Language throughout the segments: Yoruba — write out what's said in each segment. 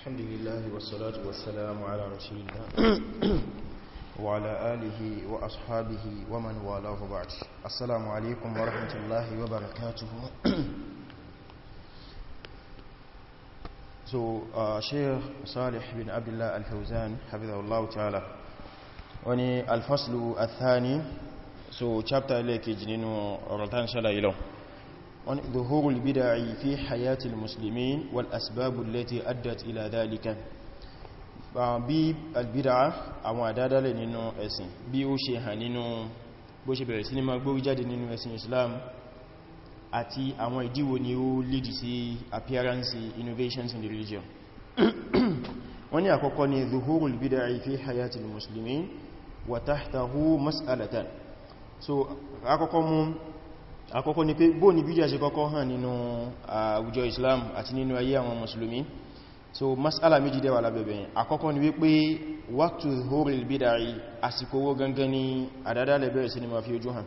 الحمد لله والصلاة والسلام على رسول الله وعلى آله وأصحابه ومن والاه بعد السلام عليكم ورحمة الله وبركاته So uh, Sheikh Salih bin Abdullah Al-Fawzan Hafizahullah Ta'ala Wani Al-Faslu Al-Thani So chapter ilé kejì nínú ọ̀rọ̀ tán ṣàlàyé lọ́wọ́ ظهور البدع في حياة المسلمين والأسباب التي أدت إلى ذلك bí albid'a àwọn àdádálẹ̀ nínú ẹ̀sìn bí ó ṣe hàn nínú bó ṣe bẹ̀rẹ̀ sí ní ma gbórí jáde nínú ẹ̀sìn Islam àti àwọn ìdíwò ni ó lìdì sí appearance innovations in the religion wọ́n ní àkọ́kọ́ ni zuhurul bid'a fi hayatil muslimin wa tahtahu mas'alatan so àkọ́kọ́ mú àkọ́kọ́ ni pé bó ní bídíà ṣe kọ́kọ́ hàn nínú àwùjọ Islam àti nínú ayé àwọn mùsùlùmí so mas'ala méjì dẹ́wà lábẹ̀bẹ̀ yẹn àkọ́kọ́ ni wípé waqtu zuhuril bid'ah àsìkò owó gangan ni àdádá lẹ́bẹ̀rẹ̀ sí ni ma fi ojú hàn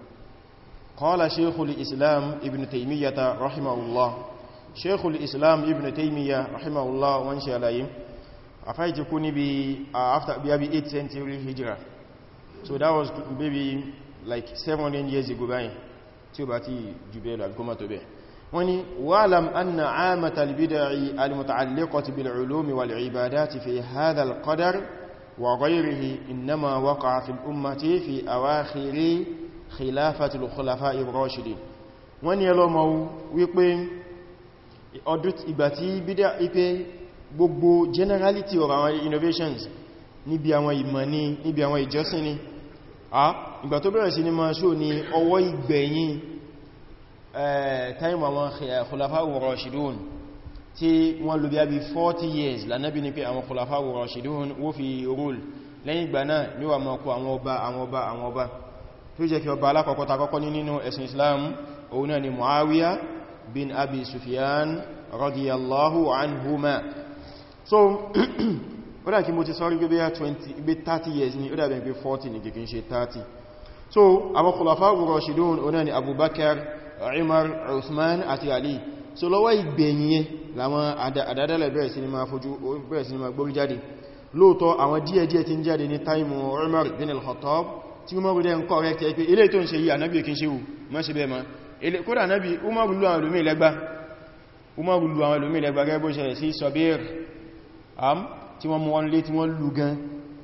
qala shaykhul islam ibn taymiyyata islam ibn taymiyya rahimahullah wọ́n ṣe àlàyé àfáìtì kú níbi after bí 8th so that was maybe like 700 years ago báyìí tí ó bá ti jù bẹ́ẹ̀ lọ àbíkọ́mà tó bẹ́ẹ̀ wọ́n ni wa'lam anna 'ammata al-bid'i al-muta'alliqati bil-'ulumi wal-'ibadati fi hadha al-qadr wa ghayrihi innama waqa'a fi al-ummati fi awakhiri khilafati al-khulafa'i ar wọ́n ni ẹlọ́mọ wípé ọdún ìgbà bídá ipé gbogbo generality of our innovations níbi àwọn ìmọ̀ ní níbi àwọn ìjọsìn ni ìgbà tó bẹ̀rẹ̀ sí ní máa ṣó ní ọwọ́ ìgbẹ̀yìn eh, táìmù àwọn khulafa'u rashidun tí wọ́n lò bí i 40 years lánàbí ní pé àwọn khulafa'u rashidun wó fi rúl lẹ́yìn ìgbà náà ní wà mọ́kú àwọn ọba ó dà kí mo ti sọ́rí gbé 30 years ni ó dà bẹ̀rẹ̀ 40 ni kìkín ṣe 30 so àwọn khulafa ar-rashidun oná ni abubakar umar usman àti ali so lọ́wọ́ ìgbẹ̀yìn láwọn àdádálẹ̀ bẹ̀rẹ̀ sí ni máa fojú bẹ̀rẹ̀ sí ni máa gbórí jáde lóòtọ́ àwọn díẹ̀díẹ̀ tí ń jáde ní táìmù umar bin al-khattab tí umar dẹ̀ ń correct ẹ pé ilé tó ń ṣe yí ànábì kí ń ṣe wù má ṣe bẹ́ẹ̀ ma kódà ànábì umar lu àwọn olùmí lẹ́gbá umar lu àwọn olùmí lẹ́gbá gẹ́gbó ṣẹlẹ̀ sí sọbíir am tí wọ́n mú wọn lé tí wọ́n lù gan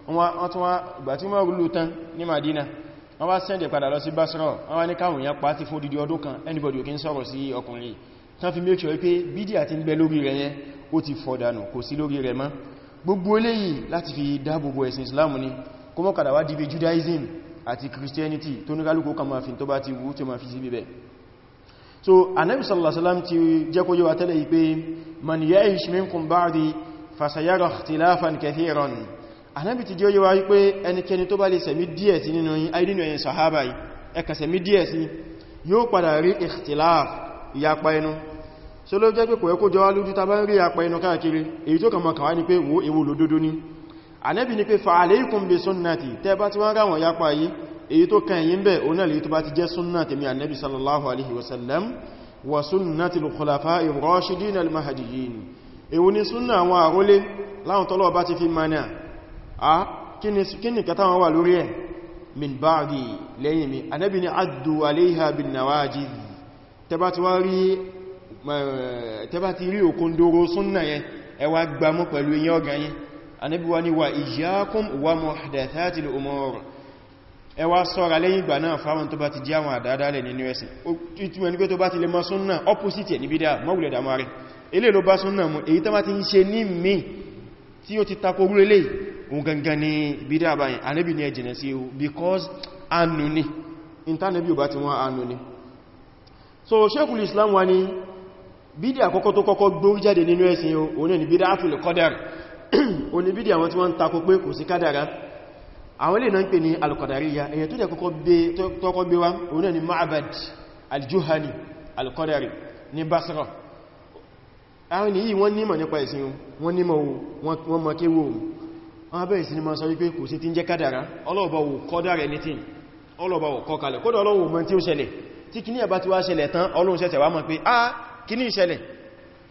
wọ́n tún wá gbà tí wọ́n lù tán ní Madina wọ́n wá sẹ́ndẹ̀ padà lọ sí Basra wọ́n wá ní anybody ò kí ń sọ̀rọ̀ sí ọkùnrin tán fi make sure pé bídí àti ń bẹ lórí rẹ̀ yẹn ó ti fọ̀dànù kò sí lórí rẹ̀ mọ́ Judaism àti Christianity tó ní kálùkù kan máa fi tó bá ti wú tí ó máa fi sí bíbẹ̀ so Ànábì sallallahu alaihi wasallam ti jẹ́ kó yíwa tẹ́lẹ̀ yìí pé man ya'ish minkum ba'di fasayara ikhtilafan kathiran anábi ti jẹ́ yíwa wípé ẹnikẹni tó bá lè sẹ̀mí díẹ̀ sí nínú yín àìdínú ẹ̀yin sahaba yìí ẹka sẹ̀mí díẹ̀ sí yóò padà rí ikhtilaf ìyapa ẹnu so ló jẹ́ pé ẹkó jọ wá ta bá ń rí ìyapa ẹnu káàkiri èyí tó kàn mọ́ kàwá ni pé wo ewu lòdodo ni anábi ni pé fa alaykum bi sunnati tẹ́ bá ti wá ráwọn ìyapa yìí èyí tó kàn yín bẹ́ òun náà lè tó bá ti jẹ́ súnnà tèmi annabi sallallahu alaihi wasallam wa sunnati al-khulafa ar al-mahdiyyin èwo ni súnnà àwọn àrólé láwọn tọ́lọ̀ bá ti fi mania a kí ni kẹta wọn wà lórí ẹ̀ min báàgì lẹ́yìn mi anẹ́bì ni addu aléhà bin nawajid tẹba ti rí òkun dóró súnnà yẹn ẹwà gbámú pẹ̀lú iye ọgá yẹn anẹ́bì wa ni wa iyyakum wa muhdathatil umur ẹwà sọ́ra lẹ́yìn ilé ló bá súnnà mú èyí tó bá ti ń ṣe ní mi tí ó ti tako orú òun gangan ni bídá báyìí anẹ́bì ní ẹjìnà sí ewu because anu ni intanẹ́bì bá ti wọ́n anu ni so Sheikhul Islam wa ni bídá àkọ́kọ́ tó kọ́kọ́ gbórí jáde nínú ẹ̀sìn òun ni bídá àtùlù kọ́dàr òun ni bídá àwọn tí wọ́n ń tako pé kò sí kádàrá àwọn ilé náà ń al ni Ma'bad Basra àwọn èyí wọ́n nímọ̀ nípa ìsìn wọ́n nímọ̀ wọ́n mọ̀ kéwò wọ́n bẹ̀rẹ̀ sí ni máa sọ wípé kò sí tí ń jẹ́ kádàrá ọlọ́ọ̀bá wò kọ́ dára ẹni tí ọlọ́ọ̀bá wò kọ́ kalẹ̀ kódà ọlọ́wò mọ̀ tí ó ṣẹlẹ̀ tí kìní ẹ̀bá ti wá ṣẹlẹ̀ tán ọlọ́run ṣẹ̀ṣẹ̀ wá mọ̀ pé a ah, kìní ìṣẹlẹ̀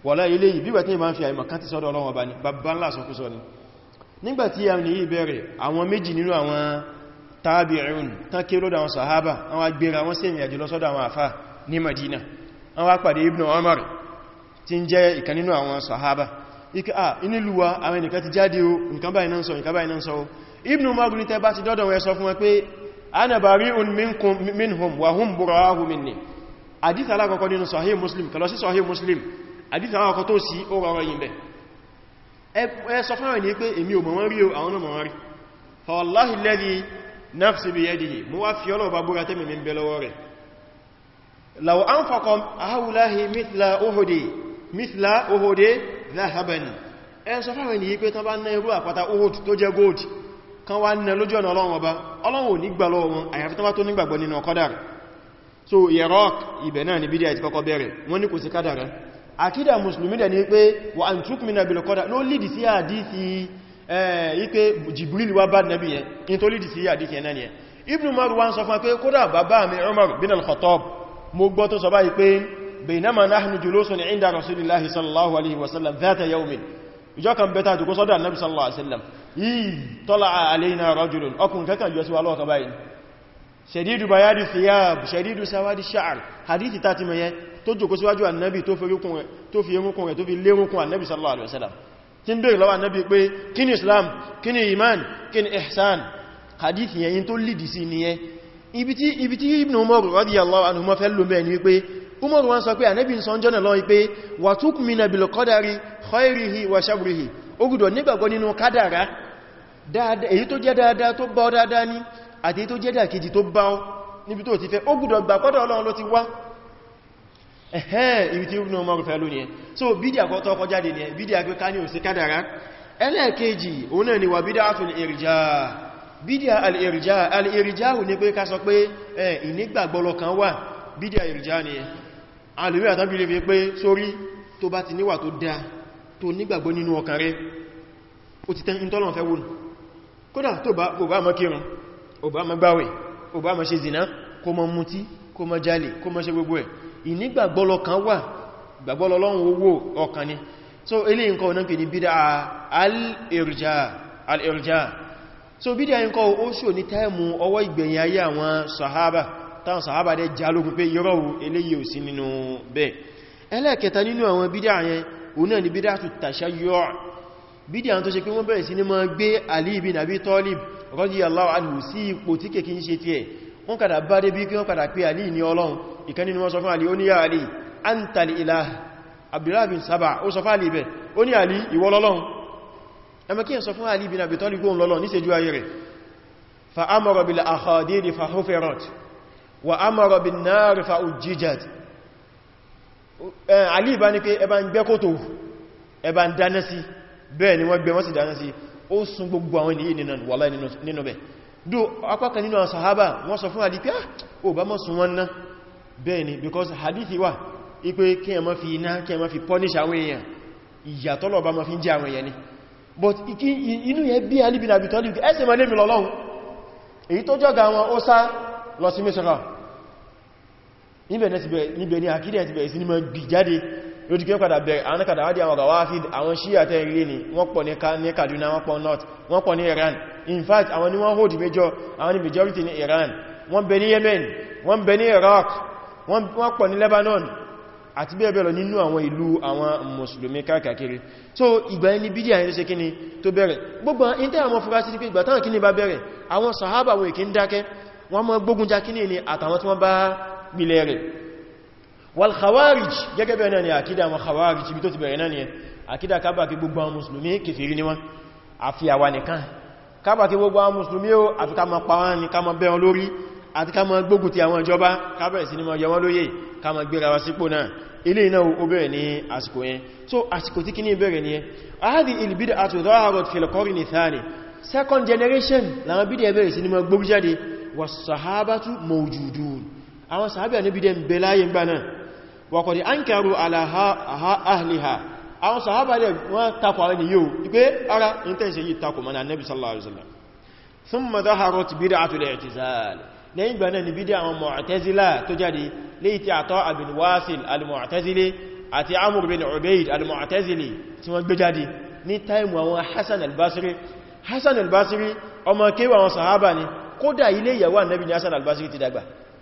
wọ̀lá ilé yìí bíbẹ̀ tí ìbá ń fi àìmọ̀ kan ti sọ́dọ̀ ọlọ́run ọba ni bàbá ńlá sọ kúsọ ni nígbàtí àwọn èyí bẹ̀rẹ̀ àwọn méjì nínú àwọn tabi'un tán kí lódà àwọn sahaba àwọn agbèrè àwọn sí ìrìnàjò lọ sọ́dọ̀ àwọn àfà ní Madina àwọn apàdé Ibn Umar tí ń jẹ́ ìkan nínú àwọn sahaba ike a ah, inílùwà àwọn ènìyàn ti jáde o nǹkan báyìí náà sọ nǹkan báyìí náà sọ Ibn Umar ní tẹ́ bá ti dọ́dọ̀ wọn sọ fún wọn pé ana bari'un minkum minhum wa hum bura'u minni hadith alákọ̀ọ́kọ́ nínú sahih muslim kọlọ sí sahih muslim hadith alákọ̀ọ́kọ́ tó sí ó rọrọ yìí bẹ̀ ẹ sọ fún àwọn ènìyàn pé mithla ohode zahaban ẹn sọ fáwọn ènìyàn pé tán bá ná irú àpáta ohod tó jẹ́ gold kan wá ná lójú ọ̀nà ọlọ́run ọba ọlọ́run ò ní gbà lọ́wọ́ wọn àyàfi tán bá tó nígbàgbọ́ nínú kádàrá so iraq ibẹ̀ náà ni bídíà ti kọ́kọ́ bẹ̀rẹ̀ wọ́n ní kò sí kádàrá àkídà mùsùlùmí dẹ̀ ni pé wà á tún mìíràn bí lọ́kọ́dà ló lìdì sí àdísì ipé jibril wá بينما نحن جلوس عند رسول الله صلى الله عليه وسلم ذات يوم ìjọ́ kan bẹ́ta jùkú sọ́dọ̀ annabi sallallahu alaihi wasallam yìí tọ́lá àlẹ́nà rọ́jùlùn ọkùn kẹ́kàn yóò sí wà lọ́ọ̀kan báyìí ṣẹ̀dídù bayadi thiyab ṣẹ̀dídù sáwádìí sha'ar hadithi tàti mẹ́yẹ tó jùkú síwájú annabi tó fi erunkun rẹ̀ tó fi lérunkun annabi sallallahu alaihi wasallam tí ń bèèrè lọ́wọ́ annabi pé kí ni islam kí ni iman kí ni ihsan hadithi yẹn tó lìdí sí nìyẹn ibi tí ibn umar radiyallahu anhu ma fẹ́ lómẹ́ ni wípé umar wọn sọ pé ànábì ń sọ́njọ́ náà lọ pé wà túnkù mi nàbìlò kọ́dàrí khairihi wà sharrihi ó gbọ́dọ̀ nígbàgbọ́ nínú kádàrá èyí tó jẹ́ dáadáa tó bá dáadáa ní àti èyí tó jẹ́ dàkejì tó bá níbi tó ti fẹ́ ó gbà so bídí àkọ́tọ́ ọkọ̀ jáde ní bídí àgbé ká ní òsì kádàrá ẹlẹ́ẹ̀kejì òun náà ni wà bídí àtún ìrìjá bídí al-ìrìjá al alìmí àtàbí lè fi pé sórí tó bá ti níwà tó dáa tó nígbàgbọ́ nínú ọkàn rẹ̀ ó ti tẹ́yìn tọ́lọ̀ fẹ́ wùn kódà tó bá kò bá mọ́ kírun ò bá mọ́ gbáwẹ̀ ò ṣe zìná kó mọ́ mutí kó mọ́ jalè kó mọ́ ṣe gbogbo ẹ̀ so ilé nǹkan ọ̀nà pè ní bídá so bídá nǹkan ó ṣò ní táìmù ọwọ́ ìgbẹ̀yìn sahaba táwọn sàhábà dẹ̀ jálógún pé yọ́rọ̀ eléyìí ò sí nínú bẹ́ẹ̀ ẹlẹ́ẹ̀kẹta nínú àwọn bídá yẹn òun náà ni bídá tó tàṣayọ́ bídá tó ṣe pé wọ́n bẹ̀rẹ̀ sí ní máa gbé Ali ibn Abi Talib radiyallahu anhu sí ipò tí kèkí ń ṣe tí ẹ̀ wọ́n kàdà bá dé bí kí wọ́n kàdà pé Ali ní Ọlọ́run ìkan nínú wọn sọ fún Ali ó ní ya Ali antal ilah Abdullah bin Saba ó sọ fún Ali bẹ̀ ó ní Ali ìwọ lọ́lọ́run ẹmọ kí ẹ sọ fún Ali ibn Abi Talib kó ń lọ́lọ́run ní ṣe ju ayé rẹ̀ fa amara bil akhadini fa hufirat wa amara bin nari fa ujijad eh, ali ba ní pé ẹba ń gbẹ́ kòtò ẹba ń dáná si ni wọ́n wọ́n sun gbogbo awon ni nínú wàlá nínú bẹ̀ dó apákan nínú àwọn sahaba wọ́n sọ fún àdípẹ́ ó ah, sun wọn na bẹ́ẹ̀ ni because hadithi wa ipé kí ma fi iná kí ẹ fi punish ma fi nje awon èèyàn ni but inu yẹn bi alìbìnàbìtọ́lì ẹsẹ̀ mọ́ níbẹ̀ ní àkídẹ̀ ti bẹ̀rẹ̀ sí ní mọ́ gbì jáde lójú kí ó padà bẹ̀rẹ̀ àwọn kàdà wádìí àwọn gawafid àwọn Shia tẹ́ ni wọ́n pọ̀ ní Kaduna wọ́n pọ̀ north wọ́n pọ̀ ní Iran in fact àwọn ni wọ́n hold major àwọn ni majority ní Iran wọ́n bẹ ní Yemen wọ́n bẹ ní Iraq wọ́n pọ̀ ní Lebanon àti bẹ́ẹ̀ bẹ́ẹ̀ lọ nínú àwọn ìlú àwọn mùsùlùmí káàkiri so ìgbà ẹni bídí àyẹ́ ṣe kíni tó bẹ̀rẹ̀ gbogbo ìntẹ́ àwọn fúrásí ti pé ìgbà táwọn kíni bá bẹ̀rẹ̀ àwọn sàhábà wọn èkí ń dákẹ́ wọ́n mọ́ gbógun já kíni ni àtàwọn tí wọ́n bá pìlẹ̀ rẹ̀ wal khawarij gẹ́gẹ́ bẹ̀rẹ̀ náà ni àkídà àwọn khawarij bí tó ti bẹ̀rẹ̀ náà ni àkídà kábàkì gbogbo àwọn musulmi kèfèrí ni wọ́n àfi àwa nìkan kábàkì gbogbo àwọn musulmi ó àfi ká ma pa wọ́n ni ká ma bẹ́ wọn lórí àti ká ma gbógun ti àwọn ìjọba kábẹ̀ sí ni ma yẹ wọ́n lóye ká ma gbéra wa sípò náà ilé iná ó bẹ̀rẹ̀ ní àsìkò yẹn so àsìkò tí kíní bẹ̀rẹ̀ ni ahadi ilbid atu zaharat fil qarni thani second generation làwọn bídẹ̀ bẹ̀rẹ̀ sí ni ma gbógun jáde was sahabatu mawjudun àwọn sàábí àníbí dẹ̀ ń bẹ láyé ń gbà náà wàkọ̀dì an kẹrù aláhàáhìlìhà àwọn sàábà dẹ̀ wọ́n takọ̀ àwọn ènìyàn ipé ara in tẹ́sẹ̀ yìí takọ̀ mọ́nà annabi sallallahu alaihi wasallam thumma zaharat bid'atul i'tizal lẹ́yìn gbà náà ni bídí àwọn mu'tazila tó jáde léyìí tí Ata ibn Wasil al-mu'tazili àti Amr bin Ubayd al-mu'tazili tí wọ́n gbé jáde ní kódà ilé ìyàwó annabi ni Hassan ti dàgbà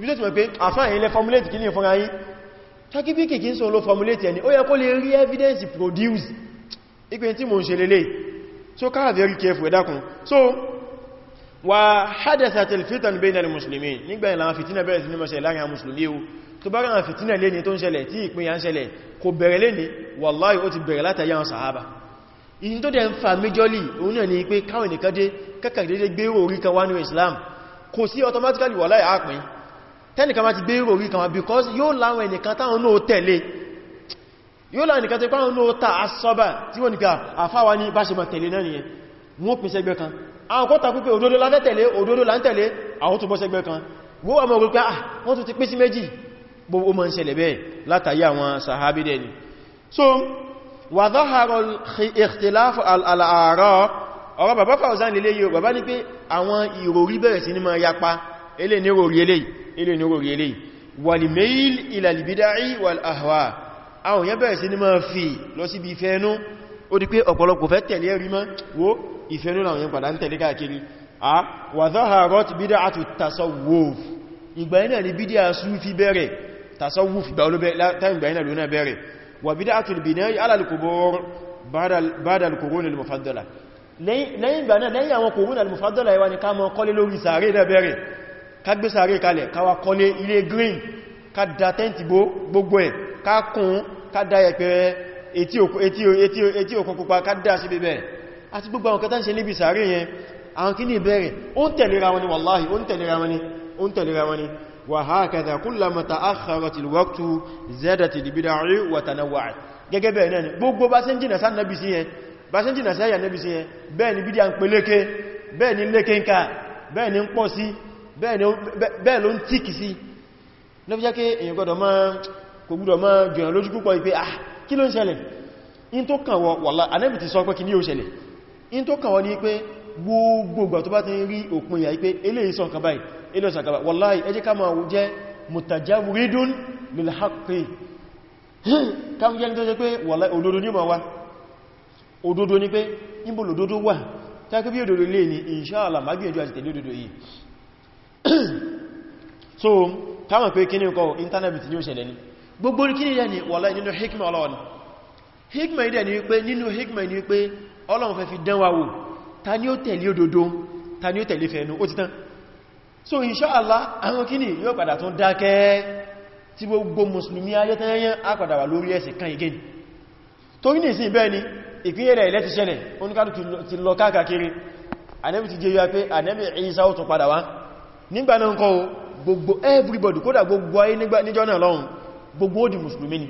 ibi tó ti mọ̀ pé àfáà ilẹ̀ formulate kí ní fọ́nra yí takibiki kí n sọ formulate ẹni ó yẹ kó lè rí evidence produce ipin tí mo ń ṣe lélẹ̀ so káà very careful ẹ̀dàkùn so wà hadathat al-fitan bayna al-muslimin nígbà ìlànà fitina bẹ̀rẹ̀ sí ní mọ́ṣẹ̀ láàrin musulmi o tó bára àwọn fitina lé ní tó ń ṣẹlẹ̀ tí ìpín ya ń ṣẹlẹ̀ kò bẹ̀rẹ̀ lé ní wallahi ó ti bẹ̀rẹ̀ látàrí ni Islam kò sí automatically wallahi àpín tẹ́nìkan bá ti gbé ìrò kan because yóò láwọn ẹnìkan táwọn náà tẹ̀lé yóò láwọn ẹnìkan tó pàwọn náà ta asọ́bà tí wọ́n ni pé àfáwà ní bá ṣe mọ̀ tẹ̀lé náà nìyẹn wọ́n pín sẹ́gbẹ́ kan àwọn kọ́ta pípẹ́ òdodo láfẹ́ tẹ̀lé òdodo là ń tẹ̀lé àwọn tó bọ́ sẹ́gbẹ́ ah wọ́n tún ti pín sí méjì gbogbo mọ̀ ń ni so wà záhàrọ̀ ìhtìláfù àlàárọ̀ ọ̀rọ̀ bàbá Fawzan lélẹ́yìí bàbá ní pé àwọn ìròrí bẹ̀rẹ̀ sí ní máa yapa eléyìí ní ròrí eléyìí ilé ní orí ilé wal-mayl ila al-bida'i wal-ahwa àwọn yẹn bẹ̀rẹ̀ sí ní máa fi lọ sí ibi ìfẹ́ẹnú ó di pé ọ̀pọ̀lọpọ̀ fẹ́ tẹ̀lé ẹ̀rí mọ́ wo ìfẹ́ẹnú làwọn yẹn padà ń tẹ̀lé káàkiri a wa zaharat bid'atu tasawwuf ìgbà yẹn náà ni bídíà súfí bẹ̀rẹ̀ tasawwuf ìgbà yẹn lónà bẹ̀rẹ̀ wa bid'atu al-bina'i ala al-qubur ba'da al-qurun al-mufaddala ká gbé sàárè kalẹ̀ káwà kọ́lé ilé green ká da tẹ́ntì gbogbo ẹ̀ ká kún ká da ẹ̀pẹ̀rẹ̀ etí òkun pupa ká dá sí bẹ̀bẹ̀ àti gbogbo àwọn kẹta ń ṣe níbi sàárè yẹn àwọn kí ní ìbẹ̀rẹ̀ ó ń tẹ̀lera wọn ni ó ń tẹ̀lera wọn ó ń tẹ̀lera wọn ni وهكذا كلما تأخرت الوقت زادت البدع وتنوعت gẹ́gẹ́ bẹ́ẹ̀ náà ni gbogbo bá ṣe ń jìnà sáà nẹ́bí sí yẹn bá ṣe ń jìnà ni bẹ́ẹ̀ ló ń tíkì sí ló fi jẹ́ kí èyàn gbọ́dọ̀ máa kò gbọ́dọ̀ máa jùyàn lójú púpọ̀ ìpé ah kí ló ń ṣẹlẹ̀ in tó kàn wọ wàlá anẹ́bì ti sọ pé kí ní ó ṣẹlẹ̀ in tó kàn wọ ní pé gbogbogbà tó bá ti rí òpin ìyà ìpé eléyìí sọ nǹkan báyìí eléyìí sọ nǹkan báyìí wàlá ẹ jẹ́ ká máa jẹ́ mutajawiridun lil haqqi káwọn so káwọn pé kíní kọ internet ní ó ṣẹlẹ̀ ní gbogbo kíní yẹ ni wọ́lá nínú hikma ọlọ́ọ̀ni hikma ìdẹ̀ ni wípé nínú hikma ni wípé ọlọ́run fẹ́ fi dán wa wò ta ni ó tẹ̀lé òdodo ta ni ó tẹ̀lé fẹ́nu ó ti tán so inshallah àwọn kíní yóò padà tún dákẹ́ tí gbogbo mùsùlùmí ayé tẹ́yẹn á padà wà lórí ẹ̀sìn kan again torí ní ìsìn bẹ́ẹ̀ ni ìpínyẹ̀rẹ̀ ilẹ̀ ti ṣẹlẹ̀ oníkàtù ti lọ káàkiri anẹ́bì ti jẹ́ yóò pé nígbà náà kọ́ gbogbo everybody kódà gbogbo ayé níjọ́ náà lọ́hun gbogbo ó di musulmi ni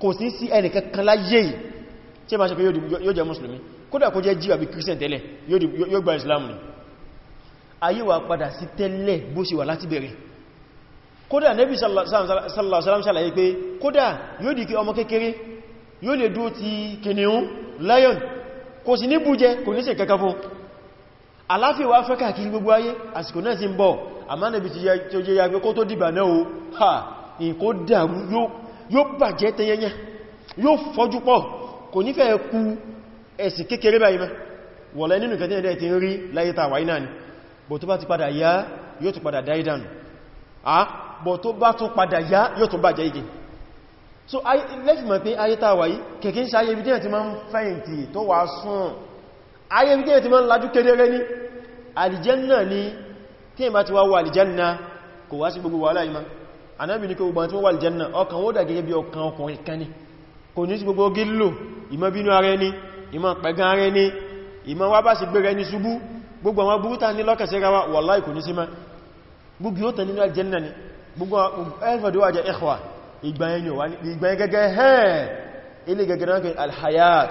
kò sí sí ẹni kankan láyé tí ma ṣe pé yóò jẹ musulmi kódà kó jẹ́ jíwà bí christian tẹ́lẹ̀ yóò gba islam ni ayé wa padà sí tẹ́lẹ̀ bó ṣe wà láti bẹ̀rẹ̀ kódà nẹ́bí sallallahu ṣàlàyé pé kódà yóò di kí ọmọ ti kìnìún lion kò sí ní bújẹ kò ní aláfíà wá fẹ́ káàkiri gbogbo ayé àsìkò náà ti ń bọ̀ àmánàbí ti jẹ́ yàgbé kó tó dìbà náà o ha ìkó dàrú yóò bàjẹ́ tẹyẹnyẹ yóò fọ́jú pọ̀ kò nífẹ́ kú ẹ̀sìn kékeré báyìí mẹ́ wọ̀lẹ́ nínú kẹtẹ́ ẹ̀dẹ́ ti ń rí láyé ta wáyé náà ni bọ̀ tó ah bọ̀ tó bá tún padà yá yóò so lẹ́fì mọ̀ pé ayé ta wáyé kẹ̀kẹ́ ń ṣe ayé ibi tí wọ́n ti ayé wíkẹ́ ti máa ń lajú kedere ní alìjẹ́nà ní tí ìmá ti wá wà alìjẹ́nà kò wá sí gbogbo wà láìmá anábì ní kò gbogbo àti wà alìjẹ́nà ọkàn ó dà gẹ́gẹ́ bí ọkàn ọkùnrin kan ní kò ní sí gbogbo gílò ìmá bínú ara ẹni ìmá pẹ̀gán ara ẹni ìmá wá bá sì gbére ẹni ṣubú gbogbo àwọn burúta ní lọ́kẹ̀ ilé gẹ́gẹ́ alhayat